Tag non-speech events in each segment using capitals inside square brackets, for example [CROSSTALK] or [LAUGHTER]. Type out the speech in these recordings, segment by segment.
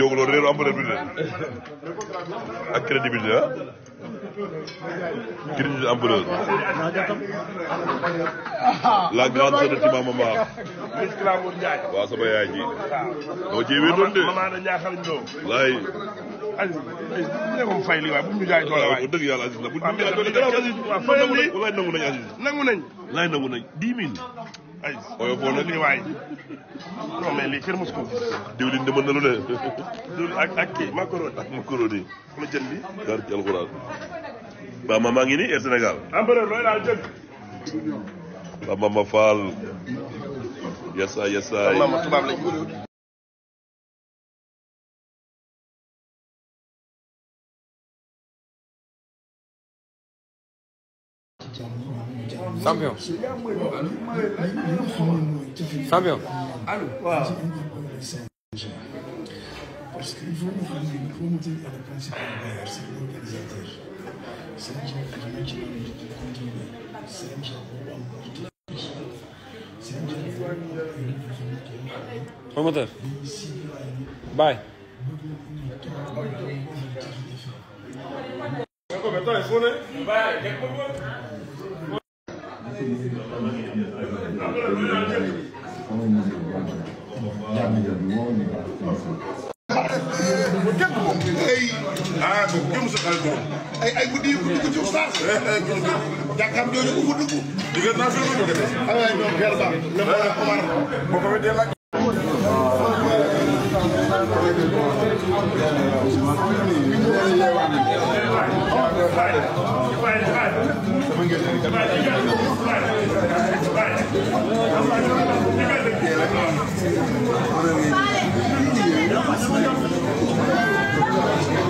jooguloo réeru employabilité ak crédibilité ah crédibilité employeur la grande sœur de Tima Mama waaw sama yaay ji doo ci wéetoon de laay ne ko fay li waaye bu ñu jaay doole waaye dëgg yàlla Aziz la bu ñu jaay doole garaaw Aziz fayal li wallaay nangu nañ Aziz nangu nañ laay nangu nañ dix mille ay oyofoo na lii waay non mais lii kenn mos ma jël ngi nii Air Sénégal. empereur looy daal yasaay yasaay. Sabiam. Sabiam. Parce qu'il faut nous remonter à la principale Vai, quer comer? ah kooku Thank you.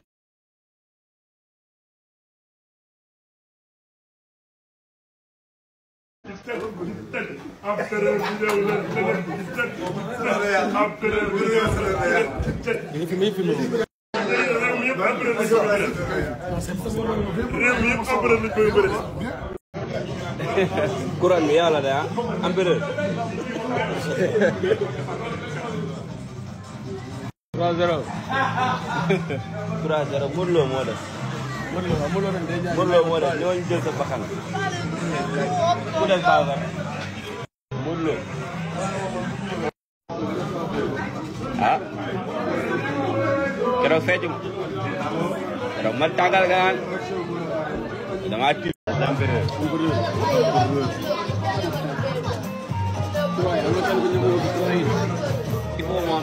empereur bu ñëw la dana dana empereur bu ñëw la dana. réew mi yëpp empereur lañ koy bëri. réew mi yëpp empereur lañ koy bëri. kuran bi yàlla de ah empereur. trois zéro. trois zéro Modou Lo moo def. Modou Lo moo def ñooñu jël sa bakkan. ku def baax dulu. Ha? Kira saya cuma. Kira mentagal kan? Sudah mati. Hampir. Ibu mau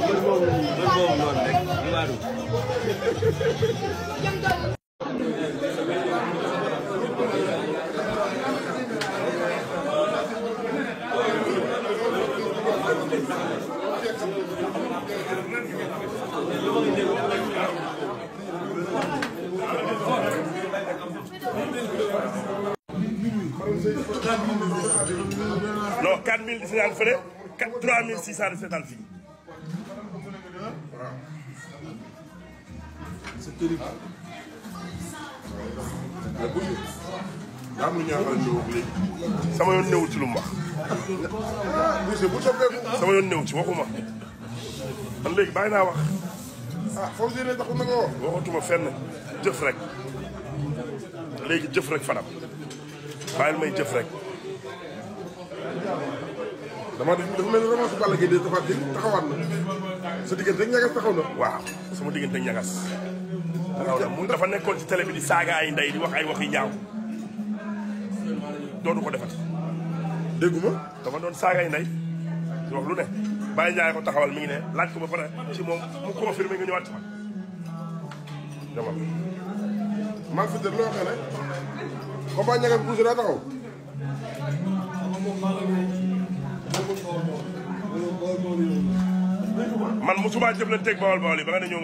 mbër moomu mbër moomu noonu rek Mbadou. mille si daan trois mille six cent C'est terrible. daa am lu ñu yaakaar ne wax léegi sama yoon néew ci lu mu wax. monsieur bu soppeeku sama yoon néew ci waxuma. man léegi bàyyi naa wax. ah foofu si ne taxul na nga wax. waxatuma fenn jëf rek léegi jëf rek fanam bàyyil may jëf rek. dama def dafa mel ni vraiment su Balla Gaye dee taxawaat na. sa diggante ak ñagas taxaw na. waaw sama diggante ak ñagas. taxaw dafa nekkoon ci télé bi di saaga ay ndey di wax ay wax yu ñaaw dootu ko defat dégguma dafa doon saaga ay ndey di lu ne bàyyi ñaare ko taxawal mi ngi ne laaj ko ba pare ci moom mu confirmé nga ñëwaat ci man. dama maa ngi fi déglu loo xam ne. combat ñagas bu taxaw. man musuma jëflanteeg bawal bawal yi ba nga ne ñoo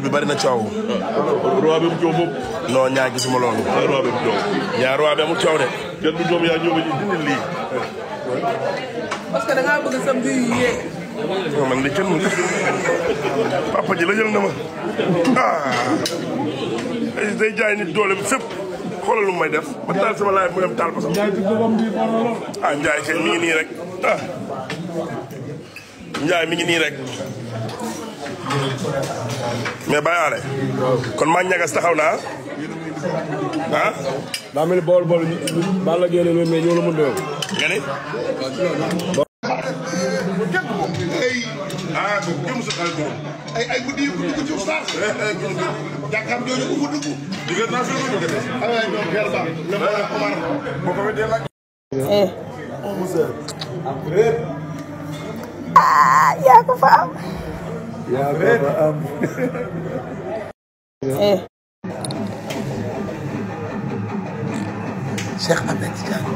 bi bari na coow. roi bi moom. non parce que da bëgg sa mbir yu yee. non man de kenn papa ji la jël na ma ah day jaay nit doole bi fépp xoolal lu may def ba taal ah Ndiaye kay mi ngi nii rek ah. njaay Ndiaye mi ngi nii rek. mais bàyyi kon maa ñagas taxaw ah. daa mel ni bool bool Balla Gaye la mais ñoo la mën doyoo. nga ne. ah kooku jëm sa xarit moom. ay ay guddi yu dugg ci saa. jàkkaam jooju ku dugg. diggante naa fi mu dugg de. aywa ñoom Pierre Ba. Eh, boo ko weddee laaj. Eh, eh. ah yaa ko fa am. yaa ko fa am. Cheikh Ahmed Tidiane.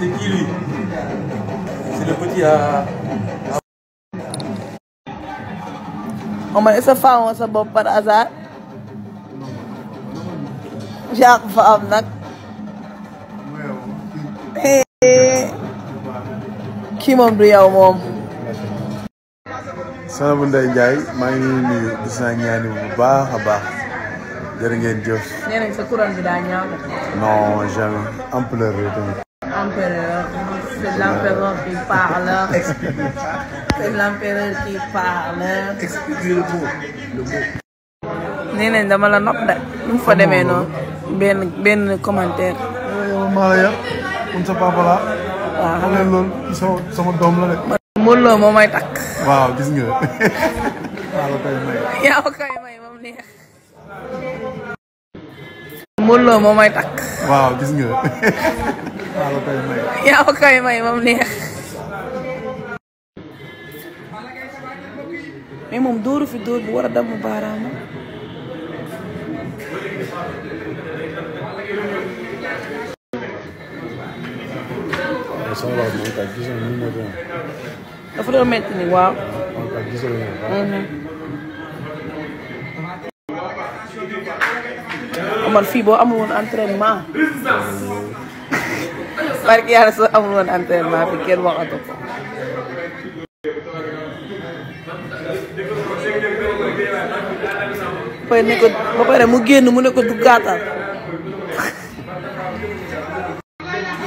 C'est qui lui? sa bopp par hasard. yaa ko nag. Eh, kii moom du yow moom. Soxna Ndeye Ndiaye maa ngi nuyu gis naa ñaani bu baax a baax. jërë ngeen jëf. nee nañ sa couronne bi daa ñaaw. non jamais empereur yi tamit. empereur c'est l'empereur qui parle. c'est l'empereur qui parle. expliquez le mot le mot. nee nañ dama la nopp de. nu mu fa demee noonu. benn benn commentaire. Eh, maa ya. la sa papa la. waaw ah. xam sama sama doom la de. Modou moo may takk. waaw gis nga. [LAUGHS] yaa ko koy may moom neex. Modou Lo moo may takk. waaw gis nga. [LAUGHS] yaa ko koy may moom neex. mais moom dóoru fi dóor bu war a damm baaraama. dafa doon métti ni waaw. man fi bo amul woon entraînement [LAUGHS] barki yàlla so amul won entraînement fi ken waxatu ko fay ne ko ba pare mu génn mu ne ko du duggaatal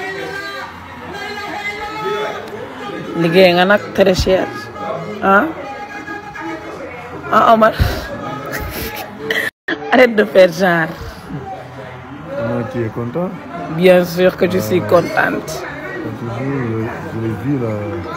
[LAUGHS] liggéey nga nak très cher ah ah Omar [LAUGHS] arrête de faire genre tu es content Bien sûr que je suis contente. Toujours, je, je vis là.